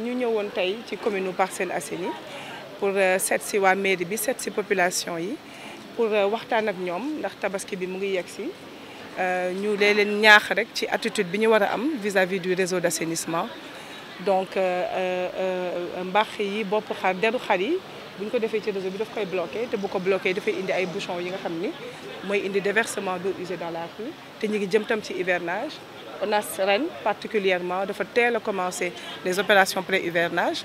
ñu ñëwoon tey ci commune Parcelles Assainies pour euh, set si waa mairie bi seet si population yi pour euh, waxtaan ak ñoom ndax tabaski bi mu ngi yegg si euh, ñu lee leen ñaax rek ci attitude bi ñu war a am vis-à-vis du réseau d'assainissement donc mbaax yi bopp xar deru xar yi. bu ñu ko defee ci réseau bi daf koy bloqué te bu ko bloqué dafay indi ay bouchons yi nga xam ni mooy indi déversement d'eau usée dans la rue te ñu ngi jëm tam ci hivernage a ren particulièrement dafa teel a commencé les opérations pré-hivernage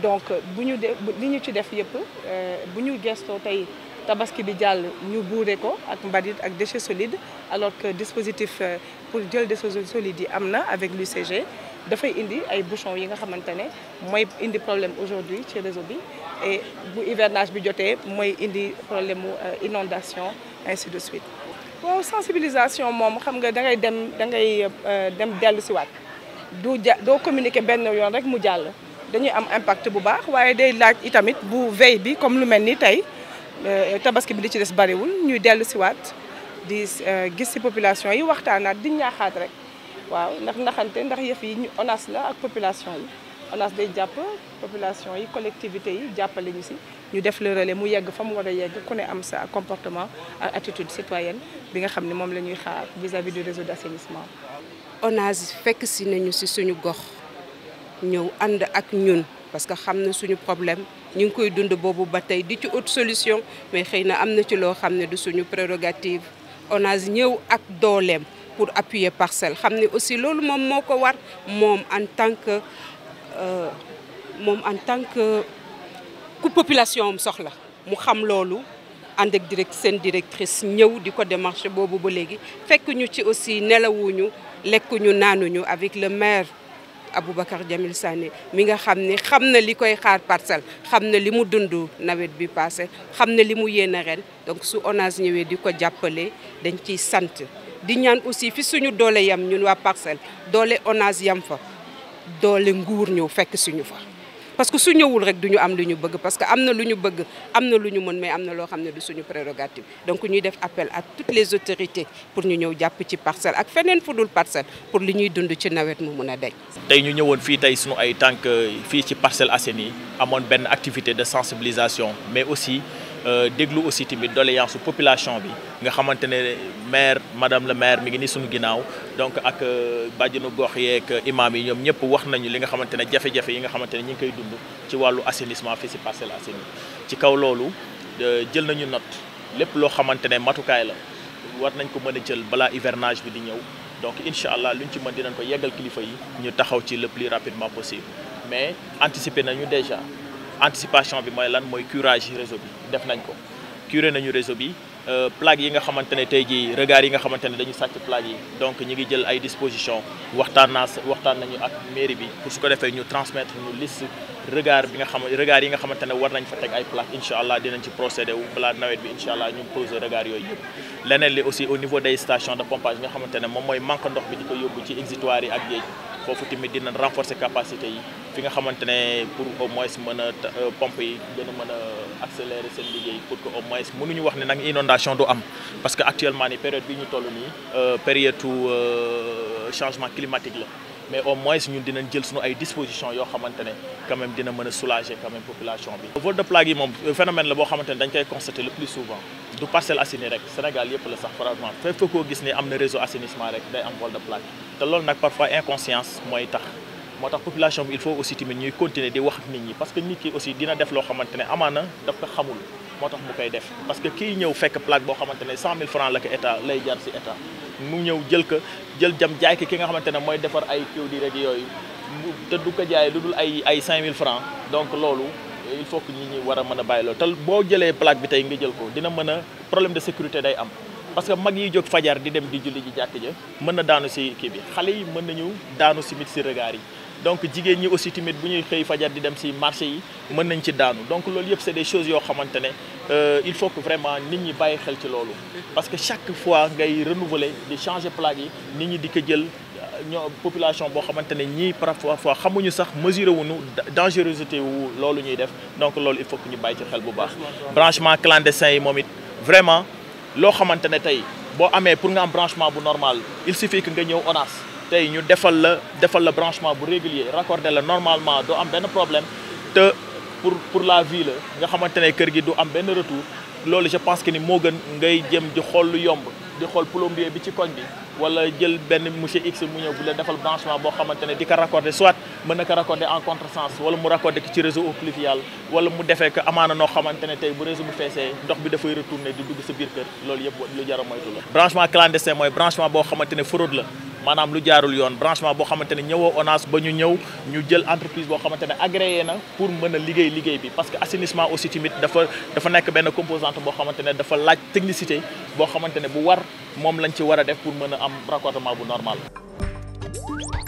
donc bu ñu def li ñu ci def yëpp euh, bu ñu gestoo tey tabaski bi jàll ñu buure ko ak mbalit ak déchets solides alors que dispositif euh, pour jël déchets solides yi am na avec l'UCG dafay indi ay bouchons yi nga xamante ne mooy indi problème aujourd'hui ci réseau bi et bu hivernage bi jotee mooy indi problème mu euh, inondation ainsi de suite waaw sensibilisation moom xam nga dangay ngay dem da ngay euh, dem dellu si waat du ja doo communiquer benn yoon rek mu jàll dañuy am impact bu baax waaye day laaj itamit bu veille bi comme lu mel ni tey euh, tabaski bi di ci des bariwul ñuy dellu si waat di gis si population yi waxtaanaat di ñaaxaat rek waaw ndax naxante ndax yëf yi ñu ONAS la ak population yi ONAS day jàpp population yi collectivité yi jàppale ñu si ñu def le mu yegg fa mu war a yegg ku ne am sa comportement ak attitude citoyenne bi nga xam ne moom la ñuy xaar vis-à-vis du réseau d'assainissement. ONAS fekk si nañu si suñu gox ñëw ànd ak ñun parce que xam na suñu problème ñu ngi koy dund boobu ba tey di ci autre solution mais xëy na am na ci loo xam ne du suñu prérogative ONAS ñëw ak dooleem. pour appuyer parcelle xam ne aussi loolu moom moo ko war moom en tant que euh, moom en tant que ku population am soxla mu xam loolu ànd ak direct seen directrice ñëw di ko démarché boobu ba léegi fekkuñu ci aussi nelawuñu lekkuñu naanuñu avec le maire Aboubacar Jamil Sané mi nga xam ni xam na li koy xaar parcelle xam na li mu dundu nawet bi passé xam na li mu yéene ren donc su ONAS ñëwee di ko jàppale dañ ciy sant di ñaan aussi fi suñu doole yam ñun waa parcelle doole onage yam fa doole nguur ñëw fekk suñu fa parce que su ñëwul rek du ñu am lu ñu bëgg parce que am na lu ñu bëgg am na lu ñu mën mais am na loo xam ne du suñu prérogative donc ñuy def appel à toutes les autorités pour ñu ñëw jàpp ci parcelle ak feneen fudul dul parcelle pour li ñuy dund ci nawet mu mun a deñ tey ñu ñëwoon fii tey suñu ay tànk fii ci Parcelles Assainies amoon benn activité de sensibilisation mais aussi Euh, déglu aussi tamit doléance su population bi nga xamante ne maire madame le maire mi ngi ni suñu ginnaaw donc ak euh, bàjj nu gox yeeg imam yi ñoom ñëpp wax nañu li nga xamante ne jafe-jafe yi nga xamante ne ñu ngi koy dund ci wàllu assainissement fii si Parcelles Assainies ci kaw loolu jël nañu not lépp loo xamante ne matukaay la war nañ ko mën a jël balaa hivernage bi di ñëw donc incha allah luñ ci mën dinañ ko yeggal kilifa yi ñu taxaw ci le plus rapidement possible mais anticiper anticipation bi mooy lan mooy curage réseau bi def nañ ko curé nañu réseau bi euh, plaques yi nga xamante ne tey jii regard yi nga xamante ne dañu sàcc plaques yi donc ñi ngi jël ay disposition waxtaan naa waxtaan nañu ak mairie bi pour su ko defee ñu transmettre ñu liste regard bi nga xam regard yi nga xamante ne war nañ fa teg ay plaques incha allah dinañ ci procédé wu balaa nawet bi incha allah ñu poser regard yooyu leneen li aussi au niveau des stations de pompage nga xamante moom mooy ko yóbbu ci exutoire yi foofu tamit dina renforcer capacité yi fi nga xamante ne pour au moins mën a euh, pompe yi gën mën a accélérer seen liggéey pour que au moins mënuñu wax ne nag inondation du am parce que actuellement ni période bi ñu toll nii euh, période euh, changement climatique la mais au moins ñun dinañ jël suñu ay dispositions yoo xamante ne quand même dina mën a soulager quand même bi. vol de plague yi moom phénomène la boo xamante ne dañ koy constater le plus souvent du Parcelles Assainies rek Sénégal yëpp la sax franchement fépp koo gis ne am na réseau assainissement rek day am vol de plague te loolu nag parfois inconscience mooy tax. moo tax population bi il faut aussi tamit ñuy continuer di wax ak nit ñi parce que nit ki aussi dina def loo xamante ne amaana daf ko xamul moo tax mu koy def parce que kii ñëw fekk plaque boo xamante ne cent mille francs la ko état lay jar si état mu ñëw jël ko jël jam jaay ki nga xamante ne mooy defar ay kiw di rek yooyu te du ko jaay lu dul ay ay cinq mille francs donc loolu il faut que nit ñi war a mën a bàyyi loolu te boo jëlee plaque bi tey nga jël ko dina mën a problème de sécurité day am parce que mag yi jóg fajar di dem di julli ji jàkk ja mën na daanu si kii bi xale yi mën nañu daanu si mit si yi donc jigéen ñi aussi tamit bu ñuy xëy fajar di dem ci marché yi mën nañ ci daanu donc lool yëpp c'est des choses yoo xamante ne euh, il faut que vraiment nit ñi bàyyi xel ci loolu parce que chaque fois ngay renouveler di changer plaque yi nit ñi di ko jël euh, ñoo population boo xamante ne ñii parfois xamuñu sax wu wuñu dangerosité wu loolu ñuy def donc loolu il faut que ñu bàyyi ci xel bu baax branchement clandestin yi moom it vraiment loo xamante ne tey boo amee pour nga am branchement bu normal il suffit nga ñëw ONAS tey ñu defal la defal la branchement bu régulier raccordé la normalement doo am benn problème te pour pour la vie la nga xamante ne kër gi du am benn retour loolu je pense que ni moo gën ngay jëm di xool lu yomb di xool plombier bi ci koñ bi wala jël benn monsieur X mu ñëw bu la defal branchement boo xamante ne di ko raccordé soit mën na ko raccordé en contresens wala mu raccordé ko ci réseau eau pluviale wala mu defee ko amaana noo xamante ne tey bu réseau bi feesee ndox bi dafay retourné di dugg sa loolu yëpp jar a moytu la. branchement clandestin xamante ne fraude la. maanaam lu jaarul yoon branchement boo xamante ne ñëwoo ONAS ba ñu ñëw ñu jël entreprise boo xamante ne agréé na pour mën a liggéey liggéey bi parce que assainissement aussi tamit dafa dafa nekk benn composante boo xamante ne dafa laaj technicité boo xamante ne bu war moom lañ ci war a def pour mën a am raccordement bu normal